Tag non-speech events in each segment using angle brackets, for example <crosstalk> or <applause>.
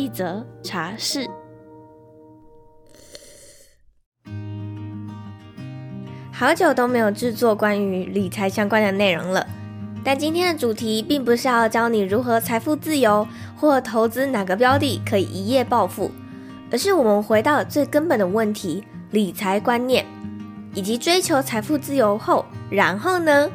一則茶室。好久都沒有製作關於理財相關的內容了，但今天的主題並不是要教你如何財富自由或投資哪個標的可以一夜暴富，而是我們回到最根本的問題：理財觀念以及追求財富自由後，然後呢？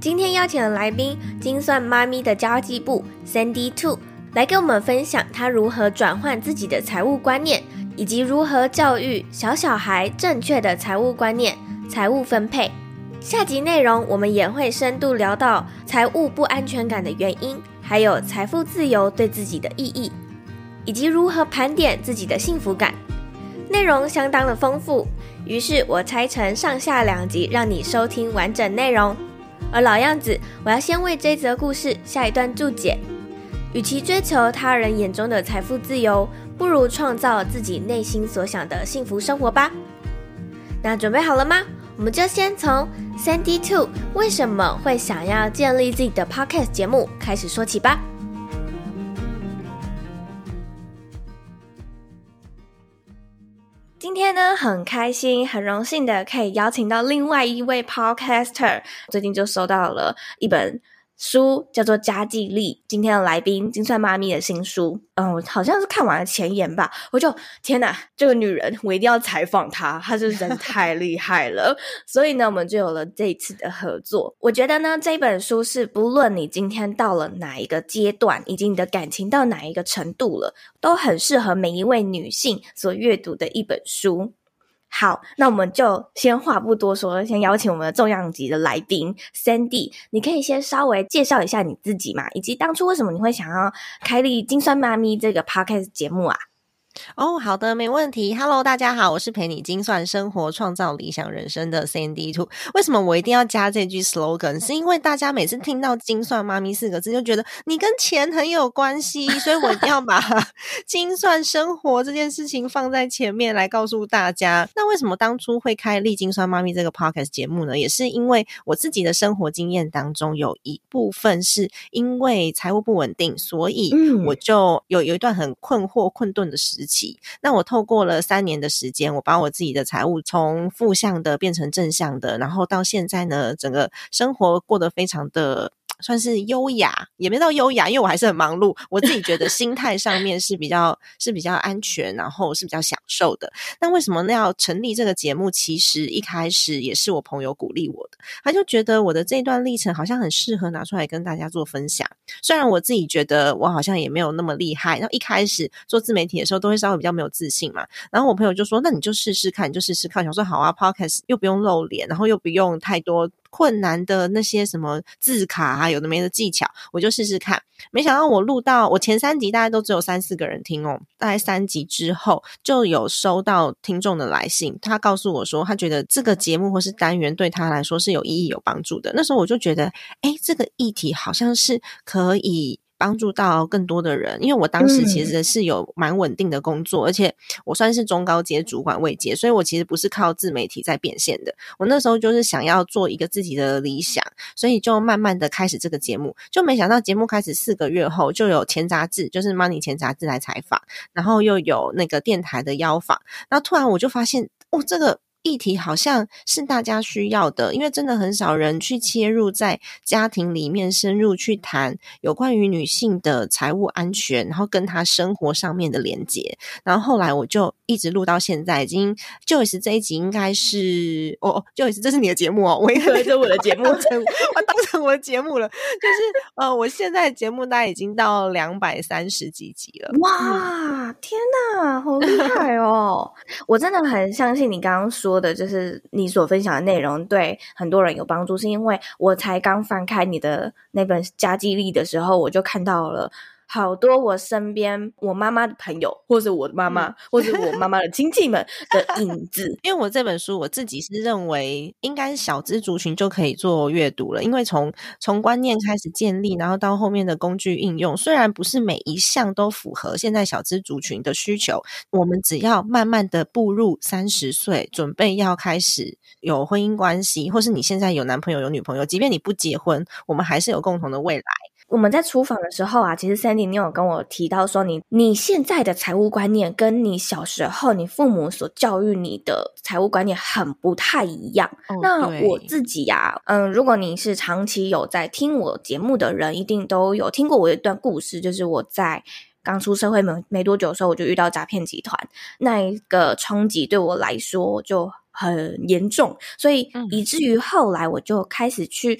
今天邀請的來賓，精算媽咪的家計簿 Sandy Two。來跟我們分享她如何轉換自己的財務觀念，以及如何教育小小孩正確的財務觀念、財務分配。下集內容我們也會深度聊到財務不安全感的原因，還有財富自由對自己的意義，以及如何盤點自己的幸福感。內容相當的豐富，於是我拆成上下兩集，讓你收聽完整內容。而老樣子，我要先為這則故事下一段注解。與其追求他人眼中的財富自由，不如創造自己內心所想的幸福生活吧。那準備好了嗎？我們就先從珊迪兔為什麼會想要建立自己的 podcast 節目開始說起吧。今天呢，很開心、很榮幸的可以邀請到另外一位 podcaster，最近就收到了一本。書叫做《家計力》，今天的來賓精算媽咪的新書，嗯，我好像是看完了前言吧，我就天哪，這個女人，我一定要採訪她，她是人太厲害了， <laughs> 所以呢，我們就有了這一次的合作。我覺得呢，這一本書是不論你今天到了哪一個階段，以及你的感情到哪一個程度了，都很適合每一位女性所閱讀的一本書。好，那我們就先話不多說，先邀請我們的重量級的來賓 Sandy，你可以先稍微介紹一下你自己嘛，以及當初為什麼你會想要開立《精算媽咪》這個 Podcast 節目啊？哦，oh, 好的，沒問題。Hello，大家好，我是陪你精算生活、創造理想人生的 Sandy Two。為什麼我一定要加這句 slogan？是因為大家每次聽到“精算媽咪”四個字，就覺得你跟錢很有關係，所以我一定要把“精算生活”這件事情放在前面來告訴大家。 <laughs> 那為什麼當初會開“立精算媽咪”這個 podcast 節目呢？也是因為我自己的生活經驗當中有一部分是因為財務不穩定，所以我就有有一段很困惑、困頓的時起，那我透過了三年的時間，我把我自己的財務從負向的變成正向的，然後到現在呢，整個生活過得非常的算是優雅，也沒到優雅，因為我還是很忙碌。我自己覺得心態上面是比較 <laughs> 是比較安全，然後是比較享受的。那為什麼要成立這個節目？其實一開始也是我朋友鼓勵我的，他就覺得我的這段歷程好像很適合拿出來跟大家做分享。雖然我自己覺得我好像也沒有那麼厲害，然後一開始做自媒體的時候都會稍微比較沒有自信嘛。然後我朋友就說：“那你就試試看，你就試試看。”我想說：“好啊，Podcast 又不用露臉，然後又不用太多困難的那些什麼字卡啊，有的沒的技巧，我就試試看。”沒想到我錄到我前三集大概都只有三四個人聽哦，大概三集之後就有收到聽眾的來信，他告訴我說他覺得這個節目或是單元對他來說是有意義、有幫助的。那時候我就覺得，哎，這個議題好像是可以幫助到更多的人，因為我當時其實是有蠻穩定的工作，嗯、而且我算是中高階主管位階，所以我其實不是靠自媒體在變現的。我那時候就是想要做一個自己的理想，所以就慢慢的開始這個節目，就沒想到節目開始四個月後就有錢雜誌，就是 Money 錢雜誌來採訪，然後又有那個電台的邀訪，然後突然我就發現，哦，這個。議題好像是大家需要的，因為真的很少人去切入在家庭裡面深入去談有關於女性的財務安全，然後跟她生活上面的連接。然後後來我就一直錄到現在，已經就是這一集應該是哦，就、oh, 是、oh, 這是你的節目哦、喔，我應該做我的節目， <laughs> <laughs> 我當成我的節目了。就是呃，我現在節目大概已經到兩百三十幾集了，哇，嗯、天哪，好厲害哦、喔！ <laughs> 我真的很相信你剛剛說。或者就是你所分享的內容對很多人有幫助，是因為我才剛翻開你的那本家計力的時候，我就看到了。好多我身邊我媽媽的朋友，或者我媽媽，或者我媽媽的親戚們的影子。 <laughs> 因為我這本書，我自己是認為應該小資族群就可以做閱讀了。因為從從觀念開始建立，然後到後面的工具應用，雖然不是每一項都符合現在小資族群的需求，我們只要慢慢的步入三十歲，準備要開始有婚姻關係，或是你現在有男朋友有女朋友，即便你不結婚，我們還是有共同的未來。我們在廚房的時候啊，其實 Sandy 你有跟我提到說你，你你現在的財務觀念跟你小時候你父母所教育你的財務觀念很不太一樣。哦，那我自己呀，啊，嗯，如果你是長期有在聽我節目的人，一定都有聽過我的一段故事，就是我在剛出社會沒沒多久的時候，我就遇到詐騙集團，那一個衝擊對我來說就很嚴重，所以以至於後來我就開始去。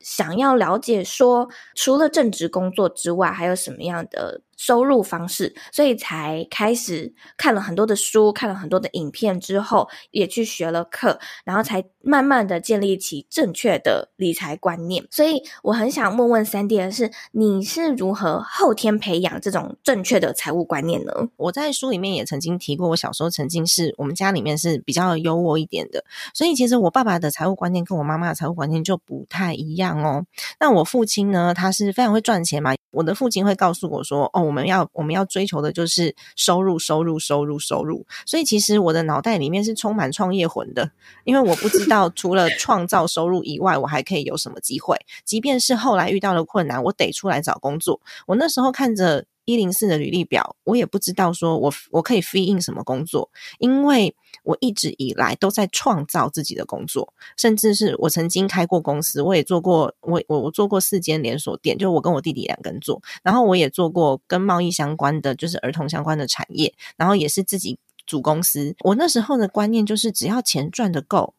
想要了解說，除了正職工作之外，還有什麼樣的收入方式？所以才開始看了很多的書，看了很多的影片之後，也去學了課，然後才慢慢的建立起正確的理財觀念。所以我很想問問 Sandy 的是，你是如何後天培養這種正確的財務觀念呢？我在書裡面也曾經提過，我小時候曾經是我們家裡面是比較優渥一點的，所以其實我爸爸的財務觀念跟我媽媽的財務觀念就不太一樣。哦，那我父親呢？他是非常會賺錢嘛。我的父親會告訴我說：“哦，我們要、我們要追求的就是收入，收入，收入，收入。”所以其實我的腦袋裡面是充滿創業魂的，因為我不知道除了創造收入以外，我還可以有什麼機會。即便是後來遇到了困難，我得出來找工作。我那時候看着。一零四的履歷表，我也不知道說我，我我可以 free in 什麼工作，因為我一直以來都在創造自己的工作，甚至是我曾經開過公司，我也做過，我我我做過四間連鎖店，就是我跟我弟弟兩個人做，然後我也做過跟貿易相關的，就是兒童相關的產業，然後也是自己組公司。我那時候的觀念就是，只要錢賺得夠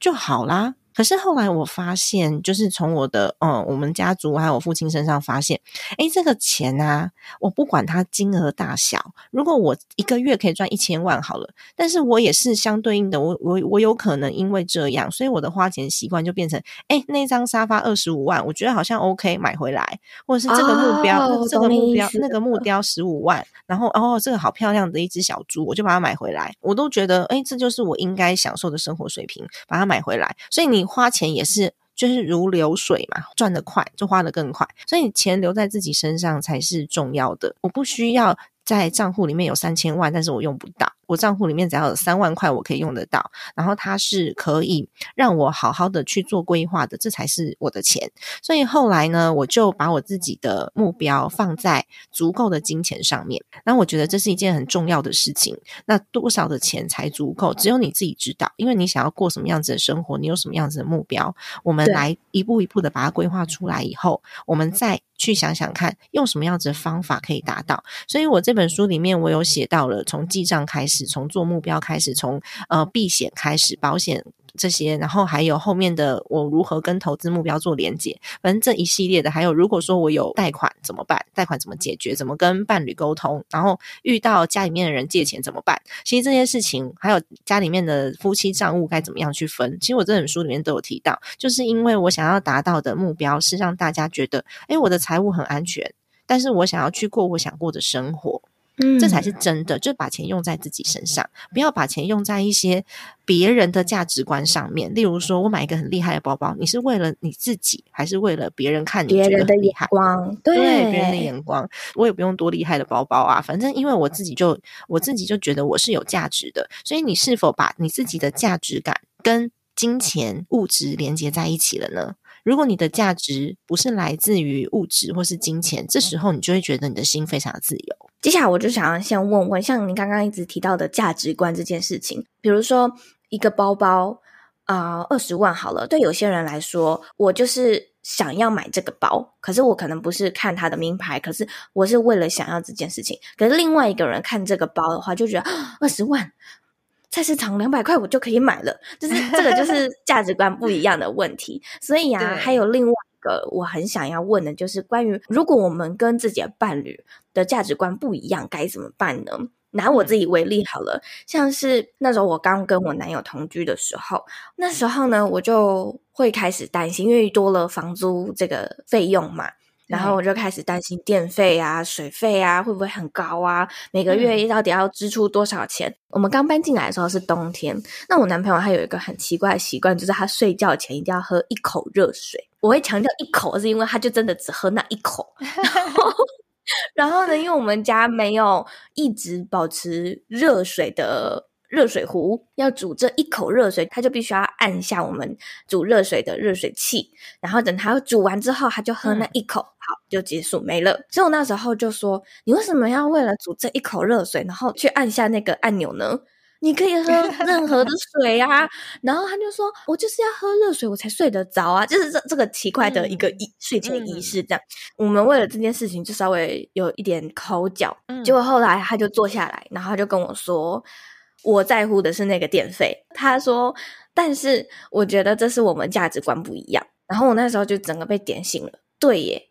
就好啦。可是後來我發現，就是從我的嗯，我們家族還有我父親身上發現，哎，這個錢啊，我不管它金額大小，如果我一個月可以賺一千萬好了，但是我也是相對應的，我我我有可能因為這樣，所以我的花錢習慣就變成，哎，那張沙發二十五萬，我覺得好像 OK，買回來，或者是這個木雕，oh, 這個木雕，那個木雕十五萬，然後哦，這個好漂亮的一只小豬，我就把它買回來，我都覺得，哎，這就是我應該享受的生活水平，把它買回來，所以你。花錢也是，就是如流水嘛，賺得快，就花得更快，所以錢留在自己身上才是重要的。我不需要在賬戶裡面有三千萬，但是我用不到。我賬戶裡面只要有三萬塊，我可以用得到。然後它是可以讓我好好的去做規劃的，這才是我的錢。所以後來呢，我就把我自己的目標放在足夠的金錢上面。那我覺得這是一件很重要的事情。那多少的錢才足夠？只有你自己知道，因為你想要過什麼樣子的生活，你有什麼樣子的目標，我們來一步一步的把它規劃出來以後，我們再去想想看，用什麼樣子的方法可以達到。所以我這本書裡面，我有寫到了從記賬開始。只從做目標開始，從呃避險開始，保險這些，然後還有後面的我如何跟投資目標做連接，反正這一系列的，還有如果說我有貸款怎麼辦？貸款怎麼解決？怎麼跟伴侶溝通？然後遇到家裡面的人借錢怎麼辦？其實這些事情，還有家裡面的夫妻賬務該怎麼樣去分？其實我這本書裡面都有提到，就是因為我想要達到的目標是讓大家覺得，誒，我的財務很安全，但是我想要去過我想過的生活。這才是真的，就把錢用在自己身上，不要把錢用在一些別人的價值觀上面。例如說，我買一個很厲害的包包，你是為了你自己，還是為了別人看你覺得很厲害的？別人的眼光，對，對，別人的眼光，我也不用多厲害的包包啊。反正因為我自己就我自己就覺得我是有價值的，所以你是否把你自己的價值感跟金錢物質連接在一起了呢？如果你的價值不是來自於物質或是金錢，這時候你就會覺得你的心非常的自由。接下來我就想要先問問，像您剛剛一直提到的價值觀這件事情，比如說一個包包，啊、呃，二十萬好了，對有些人來說，我就是想要買這個包，可是我可能不是看它的名牌，可是我是為了想要這件事情，可是另外一個人看這個包的話，就覺得啊、二十萬，菜市場兩百塊我就可以買了，就是這個就是價值觀不一樣的問題， <laughs> 所以呀、啊，對還有另外。呃，我很想要問的，就是關於如果我們跟自己的伴侶的價值觀不一樣，該怎麼辦呢？拿我自己為例好了，像是那時候我剛跟我男友同居的時候，那時候呢，我就會開始擔心，因為多了房租這個費用嘛。然後我就開始擔心電費啊、嗯、水費啊，會不會很高啊？每個月到底要支出多少錢？嗯、我們剛搬進來的時候是冬天，那我男朋友他有一個很奇怪的習慣，就是他睡覺前一定要喝一口熱水。我會強調一口，是因為他就真的只喝那一口 <laughs> 然後，然後呢，因為我們家沒有一直保持熱水的。熱水壺要煮這一口熱水，他就必須要按下我們煮熱水的熱水器，然後等他煮完之後，他就喝那一口，嗯、好就結束沒了。所以我那時候就說：“你為什麼要為了煮這一口熱水，然後去按下那個按鈕呢？你可以喝任何的水啊！” <laughs> 然後他就說：“我就是要喝熱水，我才睡得着啊！”就是這這個奇怪的一個、嗯、睡前儀式。這樣，我們為了這件事情就稍微有一點口角。嗯，結果後來他就坐下來，然後他就跟我說。我在乎的是那個電費。他說，但是我覺得這是我們價值觀不一樣。然後我那時候就整個被點醒了。對耶，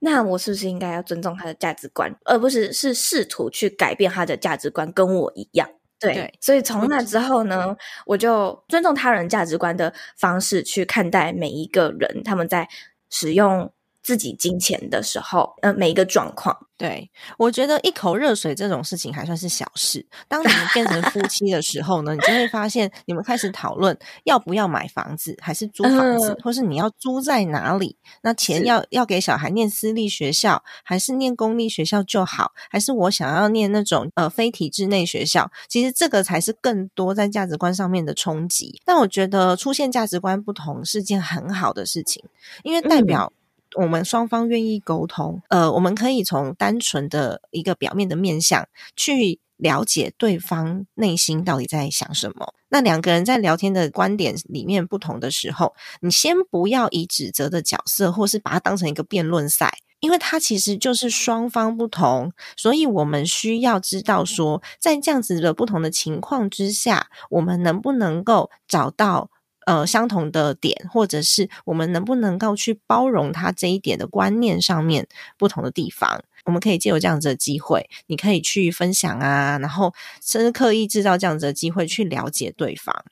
那我是不是應該要尊重他的價值觀，而不是是試圖去改變他的價值觀跟我一樣？對，對所以從那之後呢，嗯、我就尊重他人價值觀的方式去看待每一個人，他們在使用。自己金錢的時候，呃，每一個狀況，對我覺得一口熱水這種事情還算是小事。當你們變成夫妻的時候呢， <laughs> 你就會發現你們開始討論要不要買房子，還是租房子，嗯、或是你要租在哪裡？那錢要是要給小孩念私立學校，還是念公立學校就好？還是我想要念那種呃非體制內學校？其實這個才是更多在價值觀上面的衝擊。但我覺得出現價值觀不同是件很好的事情，因為代表、嗯。我們雙方願意溝通，呃，我們可以從單純的一個表面的面向去了解對方內心到底在想什麼。那兩個人在聊天的觀點裡面不同的時候，你先不要以指責的角色，或是把它當成一個辯論賽，因為它其實就是雙方不同，所以我們需要知道說，在這樣子的不同的情況之下，我們能不能夠找到。呃，相同的點，或者是我們能不能夠去包容他這一點的觀念上面不同的地方，我們可以借由這樣子的機會，你可以去分享啊，然後甚至刻意制造這樣子的機會去了解對方。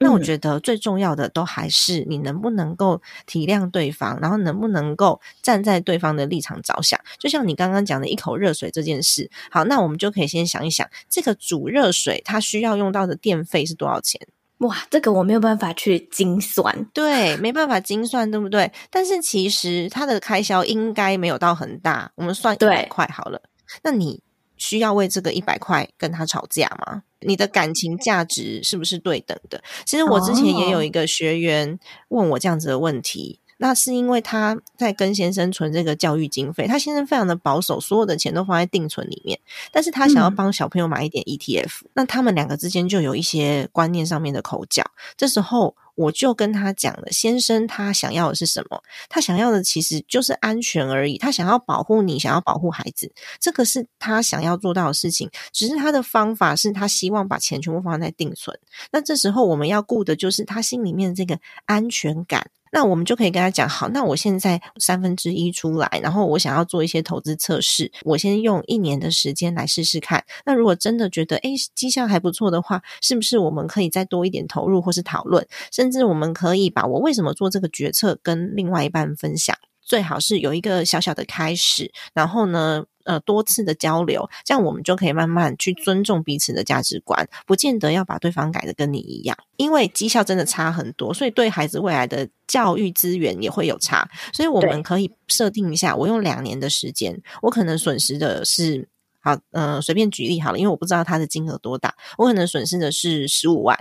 那我覺得最重要的，都還是你能不能夠體諒對方，然後能不能夠站在對方的立場着想。就像你剛剛講的一口熱水這件事，好，那我們就可以先想一想，這個煮熱水它需要用到的電費是多少錢？哇，這個我沒有辦法去精算，對，沒辦法精算，對不對？但是其實他的開銷應該沒有到很大，我們算一百塊好了。對那你需要為這個一百塊跟他吵架嗎？你的感情價值是不是對等的？其實我之前也有一個學員問我這樣子的問題。哦那是因為他在跟先生存這個教育經費，他先生非常的保守，所有的錢都放在定存裡面。但是他想要幫小朋友買一點 ETF，嗯，那他們兩個之間就有一些觀念上面的口角。這時候我就跟他講了，先生他想要的是什麼？他想要的其實就是安全而已，他想要保護你，想要保護孩子，這個是他想要做到的事情。只是他的方法是他希望把錢全部放在定存。那這時候我們要顧的就是他心裡面的這個安全感。那我們就可以跟他講，好，那我現在三分之一出來，然後我想要做一些投資測試，我先用一年的時間來試試看。那如果真的覺得，誒，績效還不錯的話，是不是我們可以再多一點投入，或是討論，甚至我們可以把我為什麼做這個決策跟另外一半分享。最好是有一個小小的開始，然後呢？呃，多次的交流，這樣我們就可以慢慢去尊重彼此的價值觀，不見得要把對方改的跟你一樣，因為績效真的差很多，所以對孩子未來的教育資源也會有差，所以我們可以設定一下，對我用兩年的時間，我可能損失的是，好，呃，隨便舉例好了，因為我不知道他的金額多大，我可能損失的是十五萬，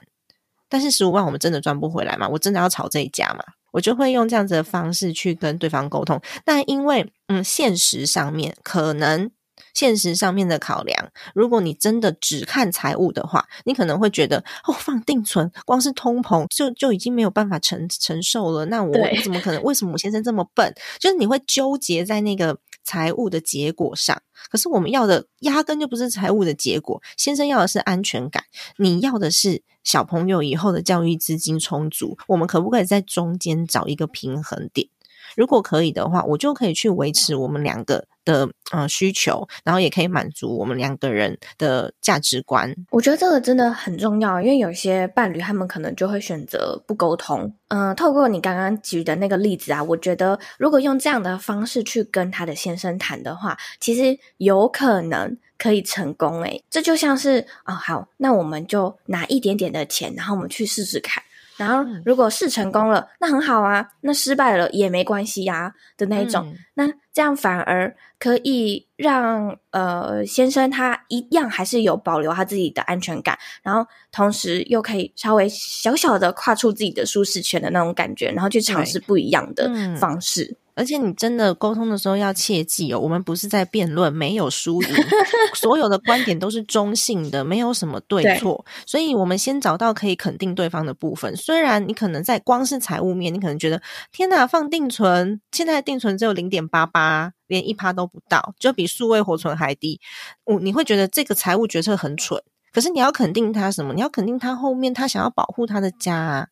但是十五萬我們真的賺不回來嗎？我真的要吵這一架嗎？我就會用這樣子的方式去跟對方溝通，但因為嗯，現實上面可能現實上面的考量，如果你真的只看財務的話，你可能會覺得哦，放定存，光是通膨就就已經沒有辦法承承受了，那我對怎麼可能？為什麼我先生這麼笨？就是你會糾結在那個。財務的結果上，可是我們要的壓根就不是財務的結果。先生要的是安全感，你要的是小朋友以後的教育資金充足。我們可不可以在中間找一個平衡點？如果可以的話，我就可以去維持我們兩個。的呃需求，然後也可以滿足我們兩個人的價值觀。我覺得這個真的很重要，因為有些伴侶他們可能就會選擇不溝通。嗯、呃，透過你剛剛舉的那個例子啊，我覺得如果用這樣的方式去跟他的先生談的話，其實有可能可以成功。誒，這就像是啊、哦，好，那我們就拿一點點的錢，然後我們去試試看。然後如果是成功了，嗯、那很好啊，那失敗了也沒關係呀、啊、的那一種。嗯那這樣反而可以讓呃先生他一樣還是有保留他自己的安全感，然後同時又可以稍微小小的跨出自己的舒適圈的那種感覺，然後去嘗試不一樣的方式。嗯、而且你真的溝通的時候要切記哦，我們不是在辯論，沒有輸贏， <laughs> 所有的觀點都是中性的，沒有什麼對錯。對，所以我們先找到可以肯定對方的部分。雖然你可能在光是財務面，你可能覺得天哪、啊，放定存，現在定存只有零點。爸爸連一趴都不到，就比數位活存還低。我、嗯、你會覺得這個財務決策很蠢，可是你要肯定他什麼？你要肯定他後面他想要保護他的家、啊，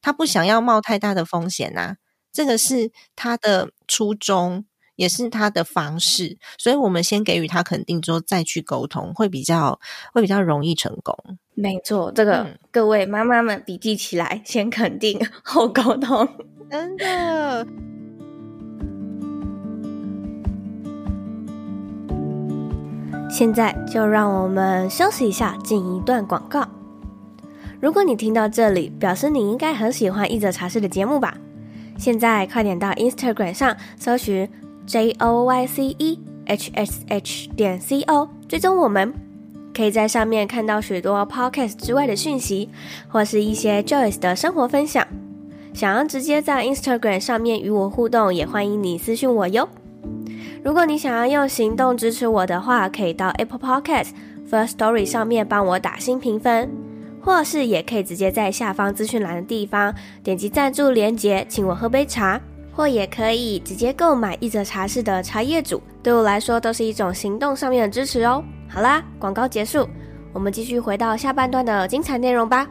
他不想要冒太大的風險啊。這個是他的初衷，也是他的方式。所以，我們先給予他肯定之後，再去溝通，會比較會比較容易成功。沒錯，這個、嗯、各位媽媽們筆記起來，先肯定後溝通。真的。現在就讓我們休息一下，進一段廣告。如果你聽到這裡，表示你應該很喜歡一則茶室的節目吧？現在快點到 Instagram 上搜尋 J O Y C E H S H 點 C O，追蹤我們。可以在上面看到許多 podcast 之外的訊息，或是一些 Joyce 的生活分享。想要直接在 Instagram 上面與我互動，也歡迎你私訊我喲。如果你想要用行動支持我的話，可以到 Apple Podcast First Story 上面幫我打星評分，或是也可以直接在下方資訊欄的地方點擊贊助鏈接，請我喝杯茶，或也可以直接購買一則茶室的茶葉組，對我來說都是一種行動上面的支持哦。好啦，廣告結束，我們繼續回到下半段的精彩內容吧。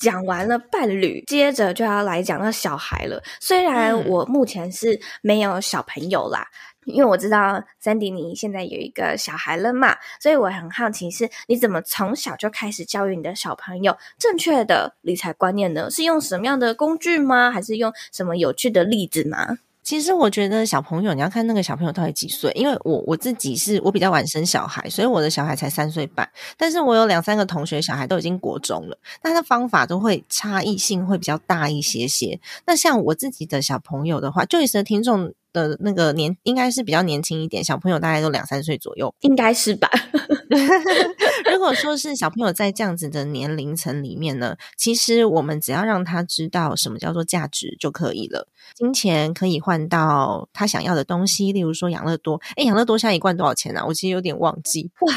講完了伴侶，接着就要來講到小孩了。雖然我目前是沒有小朋友啦，嗯、因為我知道 Sandy 你現在有一個小孩了嘛，所以我很好奇是，你怎麼從小就開始教育你的小朋友正確的理財觀念呢？是用什麼樣的工具嗎？還是用什麼有趣的例子嗎？其實我覺得小朋友，你要看那個小朋友到底幾歲，因為我我自己是我比較晚生小孩，所以我的小孩才三歲半，但是我有兩三個同學小孩都已經國中了，那他的方法都會差異性會比較大一些些。那像我自己的小朋友的話，就一的聽眾。的那個年應該是比較年輕一點，小朋友大概都兩三歲左右，應該是吧？ <laughs> <laughs> 如果說是小朋友在這樣子的年齡層裡面呢，其實我們只要讓他知道什麼叫做價值就可以了。金錢可以換到他想要的東西，例如說養樂多。哎、欸，養樂多現在一罐多少錢啊？我其實有點忘記，哇，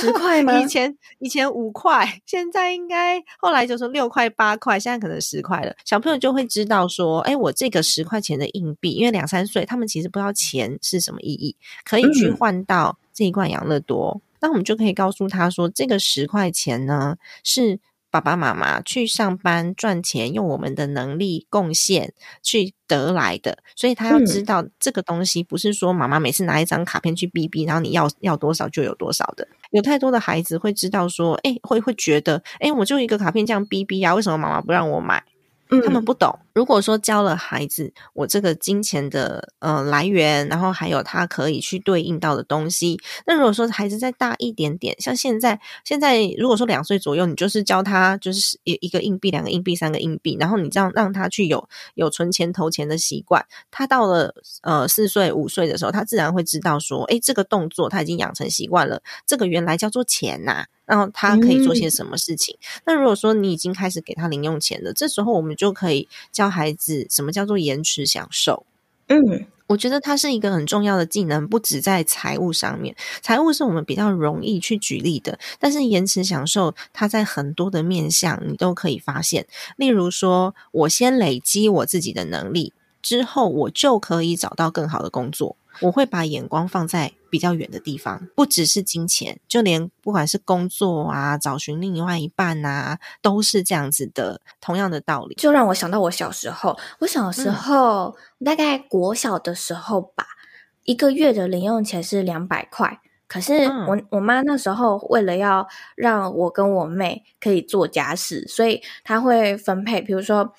十塊嗎？以前以前五塊，現在應該後來就說六塊八塊，現在可能十塊了。小朋友就會知道說，哎、欸，我這個十塊錢的硬幣，因為兩三歲。他們其實不知道錢是什麼意義，可以去換到這一罐養樂多。嗯、那我們就可以告訴他說：“這個十塊錢呢，是爸爸媽媽去上班賺錢，用我們的能力貢獻去得來的。所以，他要知道這個東西不是說媽媽每次拿一張卡片去逼逼，然後你要要多少就有多少的。有太多的孩子會知道說，哎、欸，會會覺得，哎、欸，我就一個卡片這樣逼逼呀，為什麼媽媽不讓我買？嗯、他們不懂。”如果說教了孩子我這個金錢的呃來源，然後還有他可以去對應到的東西，那如果說孩子再大一點點，像現在現在如果說兩歲左右，你就是教他就是一一個硬幣、兩個硬幣、三個硬幣，然後你這樣讓他去有有存錢、投錢的習慣，他到了呃四歲、五歲的時候，他自然會知道說，誒，這個動作他已經養成習慣了，這個原來叫做錢吶、啊，然後他可以做些什麼事情。嗯、那如果說你已經開始給他零用錢了，這時候我們就可以教。教孩子什麼叫做延遲享受？嗯，我覺得它是一個很重要的技能，不止在財務上面，財務是我們比較容易去舉例的。但是延遲享受，它在很多的面向你都可以發現。例如說，我先累積我自己的能力之後，我就可以找到更好的工作。我會把眼光放在比較遠的地方，不只是金錢，就連不管是工作啊、找尋另外一半啊，都是這樣子的，同樣的道理。就讓我想到我小時候，我小時候、嗯、大概國小的時候吧，一個月的零用錢是兩百塊，可是我、嗯、我媽那時候為了要讓我跟我妹可以做家事，所以她會分配，比如說。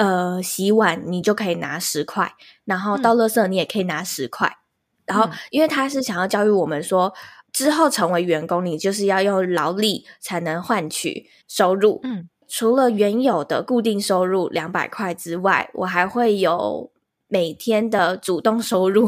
呃，洗碗你就可以拿十塊，然後倒垃圾你也可以拿十塊，嗯、然後因為他是想要教育我們說，之後成為員工，你就是要用勞力才能換取收入。嗯，除了原有的固定收入兩百塊之外，我還會有每天的主動收入，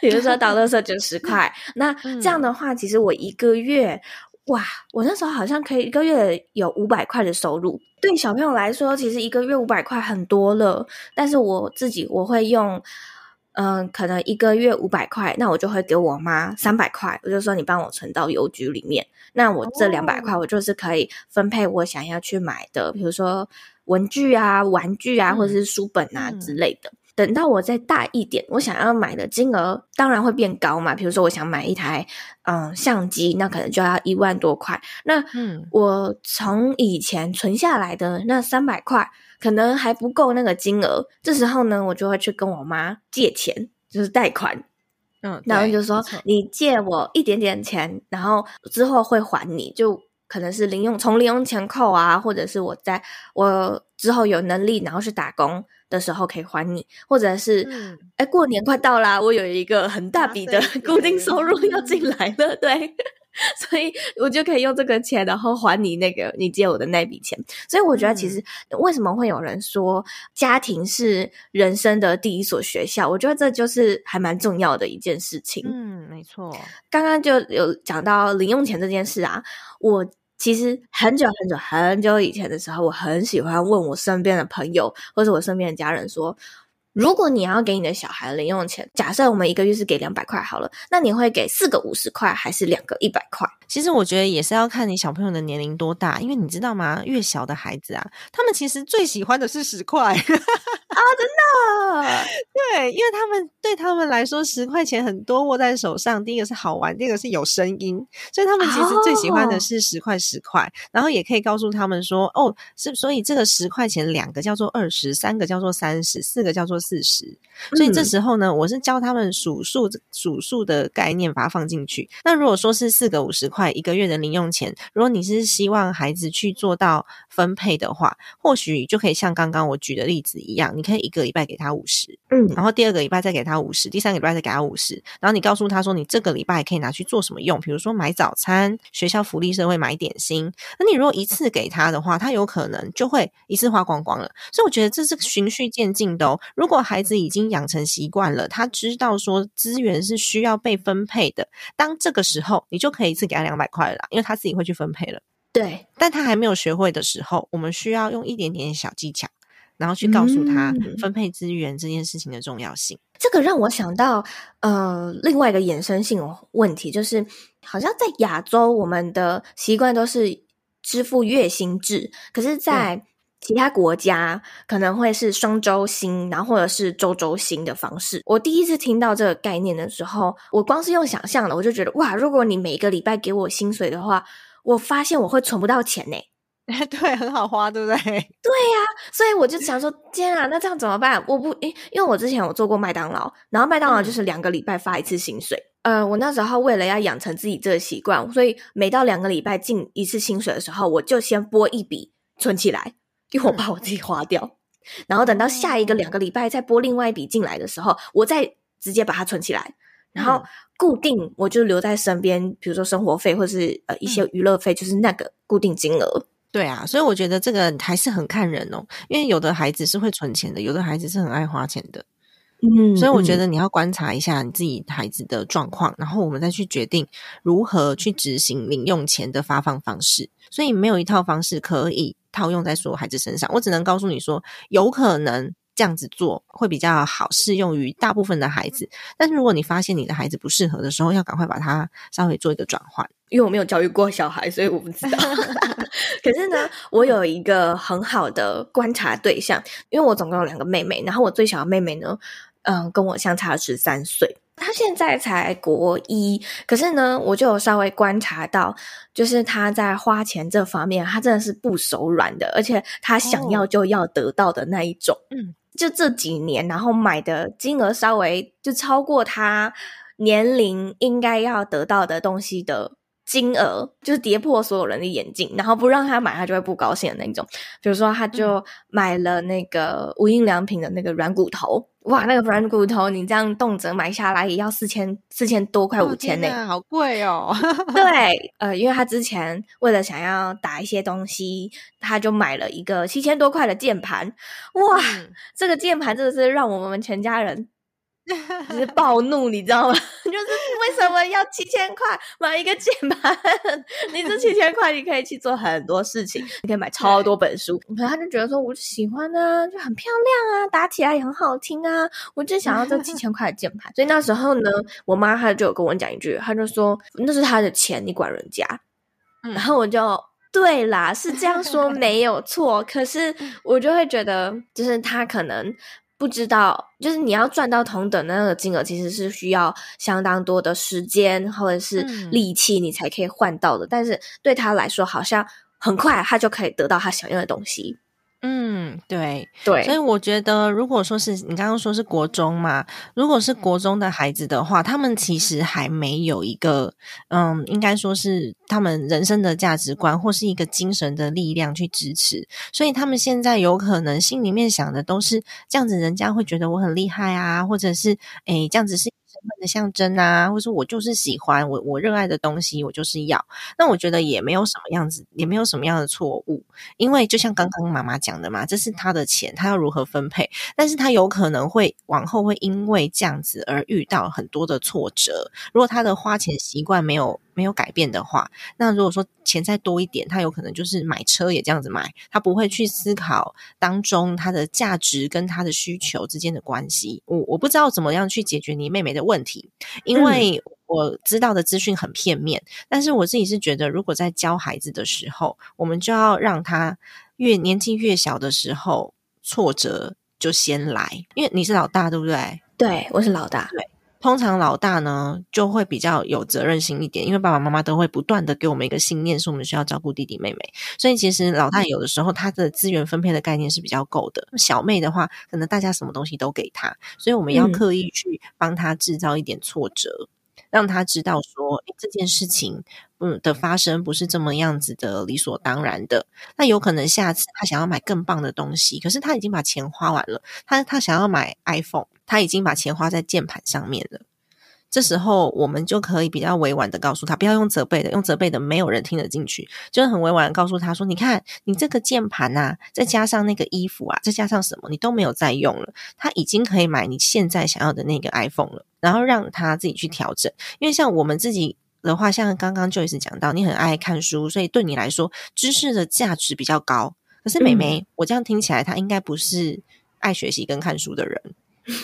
比如說倒垃圾就十塊。嗯、那這樣的話，其實我一個月。哇，我那時候好像可以一個月有五百塊的收入。對小朋友來說，其實一個月五百塊很多了。但是我自己我會用，嗯、呃，可能一個月五百塊，那我就會給我媽三百塊，我就說你幫我存到郵局裡面。那我這兩百塊，我就是可以分配我想要去買的，比如說文具啊、玩具啊，或者是書本啊之類的。等到我再大一點，我想要買的金額當然會變高嘛。比如說，我想買一台，嗯，相機，那可能就要一萬多塊。那嗯，我從以前存下來的那三百塊，可能還不夠那個金額。這時候呢，我就會去跟我媽借錢，就是貸款。嗯，然後就說不錯，你借我一點點錢，然後之後會還你，就可能是零用，從零用錢扣啊，或者是我在我之後有能力，然後去打工。的時候可以還你，或者是哎、嗯欸，過年快到啦！嗯、我有一個很大筆的固定收入要進來了，嗯、對，所以我就可以用這個錢，然後還你那個你借我的那筆錢。所以我覺得，其實為什麼會有人說家庭是人生的第一所學校，我覺得這就是還蠻重要的一件事情。嗯，沒錯。剛剛就有講到零用錢這件事啊，我。其實很久很久很久以前的時候，我很喜歡問我身邊的朋友或者我身邊的家人說：“如果你要給你的小孩零用錢，假設我們一個月是給兩百塊好了，那你會給四個五十塊還是兩個一百塊？”其實我覺得也是要看你小朋友的年齡多大，因為你知道嗎？越小的孩子啊，他們其實最喜歡的是十塊。 <laughs> 啊，oh, 真的，對，因為他們對他們來說十塊錢很多，握在手上。第一個是好玩，第二個是有聲音，所以他們其實最喜歡的是十塊十塊。Oh. 然後也可以告訴他們說，哦，是所以這個十塊錢兩個叫做二十，三個叫做三十，四個叫做四十。所以這時候呢，我是教他們數數，數數的概念，把它放進去。那如果說是四個五十塊一個月的零用錢，如果你是希望孩子去做到分配的話，或許就可以像剛剛我舉的例子一樣，你。可以一個禮拜給他五十，嗯，然後第二個禮拜再給他五十，第三個禮拜再給他五十，然後你告訴他說，你這個禮拜可以拿去做什麼用？比如說買早餐、學校福利社會買點心。那你如果一次給他的話，他有可能就會一次花光光了。所以我覺得這是循序漸進的哦。如果孩子已經養成習慣了，他知道說資源是需要被分配的，當這個時候你就可以一次給他兩百塊了啦，因為他自己會去分配了。對，但他還沒有學會的時候，我們需要用一點點小技巧。然後去告訴他分配資源這件事情的重要性。嗯嗯、這個讓我想到，呃，另外一個衍生性問題就是，好像在亞洲，我們的習慣都是支付月薪制，可是，在其他國家、嗯、可能會是雙週薪，然後或者是週週薪的方式。我第一次聽到這個概念的時候，我光是用想象的，我就覺得哇，如果你每個禮拜給我薪水的話，我發現我會存不到錢哎、欸。 <laughs> 對，很好花，對不對？對呀、啊，所以我就想說，天啊，那這樣怎麼辦？我不，因為我之前我做過麥當勞，然後麥當勞就是兩個禮拜發一次薪水。嗯、呃，我那時候為了要養成自己這個習慣，所以每到兩個禮拜進一次薪水的時候，我就先撥一筆存起來，因為我怕我自己花掉。嗯、然後等到下一個兩個禮拜再撥另外一筆進來的時候，我再直接把它存起來。然後固定我就留在身邊，比如說生活費或是呃一些娛樂費，就是那個、嗯、固定金額。對啊，所以我覺得這個還是很看人哦，因為有的孩子是會存錢的，有的孩子是很愛花錢的，嗯，所以我覺得你要觀察一下你自己孩子的狀況，嗯、然後我們再去決定如何去執行零用錢的發放方式。所以沒有一套方式可以套用在所有孩子身上，我只能告訴你說，有可能。這樣子做會比較好，適用於大部分的孩子。但是如果你發現你的孩子不適合的時候，要趕快把它稍微做一個轉換。因為我沒有教育過小孩，所以我不知道。 <laughs> <laughs> 可是呢，我有一個很好的觀察對象，因為我總共有兩個妹妹，然後我最小的妹妹呢，嗯、呃，跟我相差十三歲，她現在才國一。可是呢，我就有稍微觀察到，就是她在花錢這方面，她真的是不手軟的，而且她想要就要得到的那一種。嗯、哦。就這幾年，然後買的金額稍微就超過他年齡應該要得到的東西的。金額就是跌破所有人的眼鏡，然後不讓他買，他就會不高興的那種。比如說，他就買了那個無印良品的那個軟骨頭，嗯、哇，那個軟骨頭你這樣動輒買下來也要四千四千多塊五千呢、哦啊，好貴哦。 <laughs> 對，呃，因為他之前為了想要打一些東西，他就買了一個七千多塊的鍵盤，哇，嗯、這個鍵盤真的是讓我們全家人。就是暴怒，你知道嗎？ <laughs> 就是為什麼要七千塊買一個鍵盤？ <laughs> 你這七千塊，你可以去做很多事情， <laughs> 你可以買超多本書。對他就覺得說，我喜歡啊，就很漂亮啊，打起來也很好聽啊，我就想要這七千塊的鍵盤。 <laughs> 所以那時候呢，我媽她就有跟我講一句，她就說：“那是她的錢，你管人家。嗯”然後我就對啦，是這樣說沒有錯， <laughs> 可是我就會覺得，就是她可能。不知道，就是你要賺到同等的那個金額，其實是需要相當多的時間或者是力氣，你才可以換到的。嗯、但是對他來說，好像很快他就可以得到他想要的東西。嗯，對對，所以我覺得，如果說是你剛剛說是國中嘛，如果是國中的孩子的話，他們其實還沒有一個，嗯，應該說是他們人生的價值觀或是一個精神的力量去支持，所以他們現在有可能心裡面想的都是這樣子，人家會覺得我很厲害啊，或者是，誒，這樣子是。的象徵啊，或者說我就是喜歡我，我熱愛的東西，我就是要。那我覺得也沒有什麼樣子，也沒有什麼樣的錯誤，因為就像剛剛媽媽講的嘛，這是他的錢，他要如何分配？但是他有可能會往後會因為這樣子而遇到很多的挫折。如果他的花錢習慣沒有。沒有改變的話，那如果說錢再多一點，他有可能就是買車也這樣子買，他不會去思考當中他的價值跟他的需求之間的關係。我、哦、我不知道怎麼樣去解決你妹妹的問題，因為我知道的資訊很片面。嗯、但是我自己是覺得，如果在教孩子的時候，我們就要讓他越年紀越小的時候，挫折就先來。因為你是老大，對不對？對，我是老大，對。通常老大呢，就會比較有責任心一點，因為爸爸媽媽都會不斷的給我們一個信念，說我們需要照顧弟弟妹妹。所以其實老大有的時候他的資源分配的概念是比較夠的，小妹的話，可能大家什麼東西都給他，所以我們要刻意去幫他製造一點挫折。嗯讓他知道說，這件事情，嗯的發生不是這麼樣子的，理所當然的。那有可能下次他想要買更棒的東西，可是他已經把錢花完了。他他想要買 iPhone，他已經把錢花在鍵盤上面了。這時候，我們就可以比較委婉的告訴他，不要用責備的，用責備的，沒有人聽得進去，就是很委婉的告訴他說：“你看，你這個鍵盤吶、啊，再加上那個衣服啊，再加上什麼，你都沒有再用了，他已經可以買你現在想要的那個 iPhone 了。”然後讓他自己去調整，因為像我們自己的話，像剛剛 Joyce 講到，你很愛看書，所以對你來說，知識的價值比較高。可是美眉，我這樣聽起來，她應該不是愛學習跟看書的人，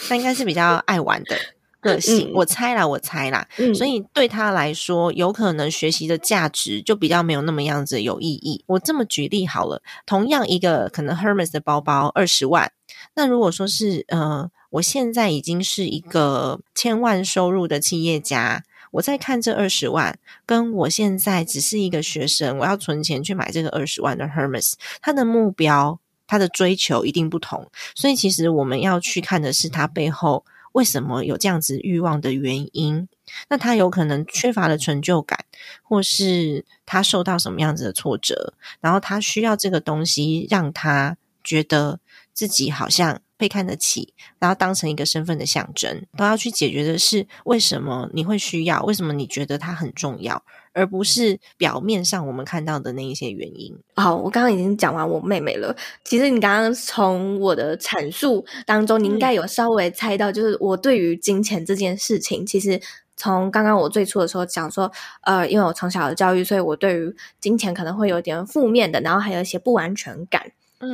她應該是比較愛玩的。 <laughs> 個性、嗯嗯，我猜啦，我猜啦，嗯、所以對他來說，有可能學習的價值就比較沒有那麼樣子有意義。我這麼舉例好了，同樣一個可能 Hermes 的包包二十萬，那如果說是呃，我現在已經是一個千萬收入的企業家，我在看這二十萬，跟我現在只是一個學生，我要存錢去買這個二十萬的 Hermes，他的目標，他的追求一定不同。所以其實我們要去看的是他背後。為什麼有這樣子慾望的原因？那他有可能缺乏了成就感，或是他受到什麼樣子的挫折，然後他需要這個東西讓他覺得自己好像被看得起，然後當成一個身份的象徵，都要去解決的是為什麼你會需要，為什麼你覺得它很重要。而不是表面上我們看到的那一些原因。好、哦，我剛剛已經講完我妹妹了。其實你剛剛從我的闡述當中，你應該有稍微猜到，就是我對於金錢這件事情，嗯、其實從剛剛我最初的時候講說，呃，因為我從小的教育，所以我對於金錢可能會有點負面的，然後還有一些不安全感。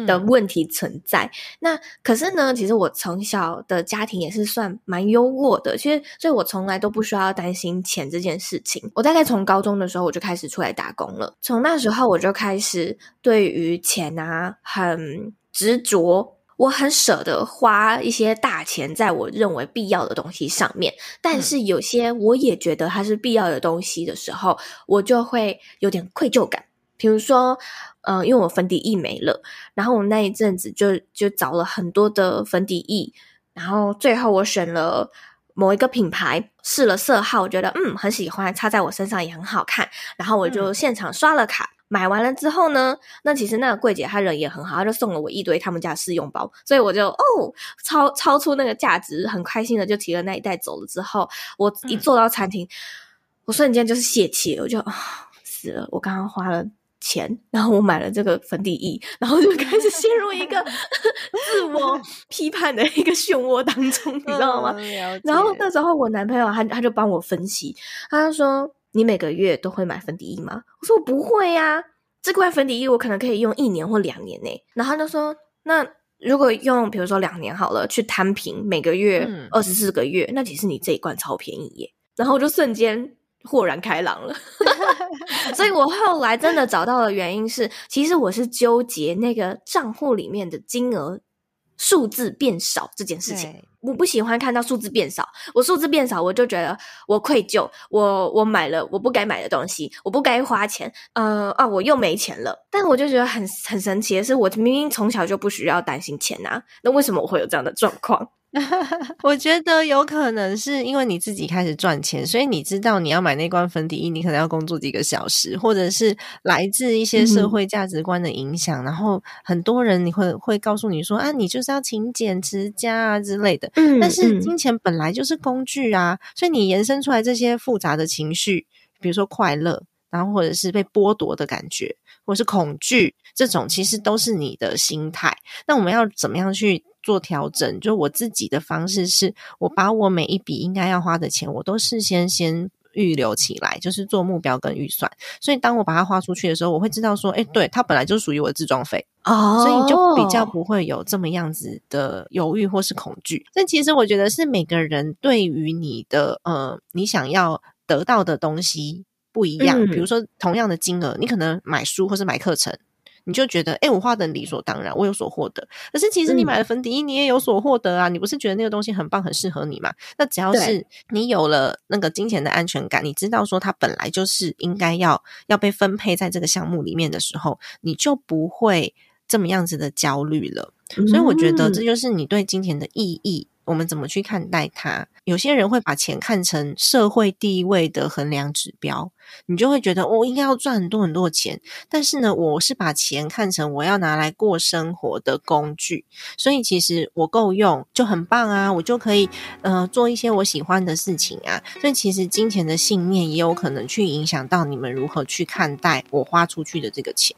的問題存在，嗯、那，可是呢，其實我從小的家庭也是算蠻優渥的，其實，所以我從來都不需要擔心錢這件事情。我大概從高中的時候我就開始出來打工了，從那時候我就開始對於錢啊很執着，我很捨得花一些大錢在我認為必要的東西上面，但是有些我也覺得它是必要的東西的時候，嗯、我就會有點愧疚感。比如說，嗯、呃，因為我粉底液沒了，然後我那一陣子就就找了很多的粉底液，然後最後我選了某一個品牌試了色號，我覺得嗯很喜歡，擦在我身上也很好看，然後我就現場刷了卡買完了之後呢，那其實那個櫃姐她人也很好，她就送了我一堆他們家試用包，所以我就哦超超出那個價值，很開心的就提了那一袋走了。之後我一坐到餐廳，我瞬間就是泄氣了，我就死了，我剛剛花了。錢，然後我買了這個粉底液，然後就開始陷入一個 <laughs> 自我批判的一個漩渦當中， <laughs> 你知道嗎？嗯、然後那時候我男朋友他他就幫我分析，他就說：“你每個月都會買粉底液嗎？”我說：“我不會呀、啊，這塊粉底液我可能可以用一年或兩年呢、欸。”然後他就說：“那如果用，比如說兩年好了，去攤平每個月二十四個月，嗯、那其實你這一罐超便宜耶。”然後我就瞬間。豁然開朗了， <laughs> <laughs> 所以我後來真的找到的原因是，其實我是糾結那個賬戶裡面的金額數字變少這件事情。我不喜歡看到數字變少，我數字變少，我就覺得我愧疚，我我買了我不該買的東西，我不該花錢，嗯，啊，我又沒錢了。但我就覺得很很神奇的是，我明明從小就不需要擔心錢吶、啊，那為什麼我會有這樣的狀況？ <laughs> 我覺得有可能是因為你自己開始賺錢，所以你知道你要買那罐粉底液，你可能要工作幾個小時，或者是來自一些社會價值觀的影響。嗯、然後很多人你會會告訴你說啊，你就是要勤儉持家啊之類的。嗯、但是金錢本來就是工具啊，嗯、所以你延伸出來這些複雜的情緒，比如說快樂，然後或者是被剝奪的感覺，或是恐懼，這種其實都是你的心態。那我們要怎麼樣去做調整，就我自己的方式是，我把我每一筆應該要花的錢，我都事先先預留起來，就是做目標跟預算。所以當我把它花出去的時候，我會知道說，哎、欸，對，它本來就屬於我的置裝費哦，所以你就比較不會有這麼樣子的猶豫或是恐懼。但其實我覺得是每個人對於你的呃，你想要得到的東西不一樣。嗯、哼比如說同樣的金額，你可能買書或是買課程。你就覺得，哎、欸，我花的理所當然，我有所獲得。可是其實你買的粉底液，嗯、你也有所獲得啊。你不是覺得那個東西很棒，很適合你嘛？那只要是你有了那個金錢的安全感，對你知道說它本來就是應該要要被分配在這個項目裡面的時候，你就不會這麼樣子的焦慮了。嗯、所以我覺得這就是你對金錢的意義。我們怎麼去看待它？有些人會把錢看成社會地位的衡量指標，你就會覺得我應該要賺很多很多錢。但是呢，我是把錢看成我要拿來過生活的工具，所以其實我夠用就很棒啊，我就可以呃做一些我喜歡的事情啊。所以其實金錢的信念也有可能去影響到你們如何去看待我花出去的這個錢。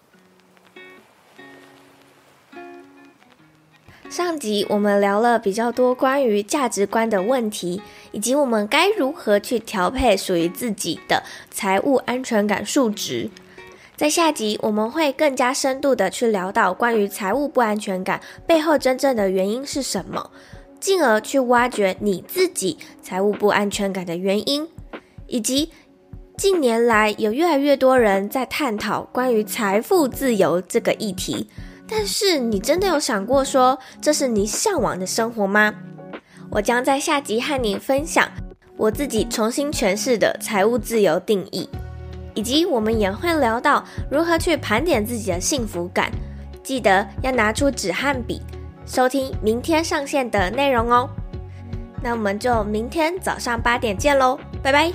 上集我們聊了比較多關於價值觀的問題，以及我們該如何去調配屬於自己的財務安全感數值。在下集我們會更加深度的去聊到關於財務不安全感背後真正的原因是什麼，進而去挖掘你自己財務不安全感的原因，以及近年來有越來越多人在探討關於財富自由這個議題。但是你真的有想過，說這是你嚮往的生活嗎？我將在下集和你分享我自己重新詮釋的財務自由定義，以及我們也會聊到如何去盤點自己的幸福感。記得要拿出紙和筆，收聽明天上線的內容哦。那我們就明天早上八點見嘍，拜拜。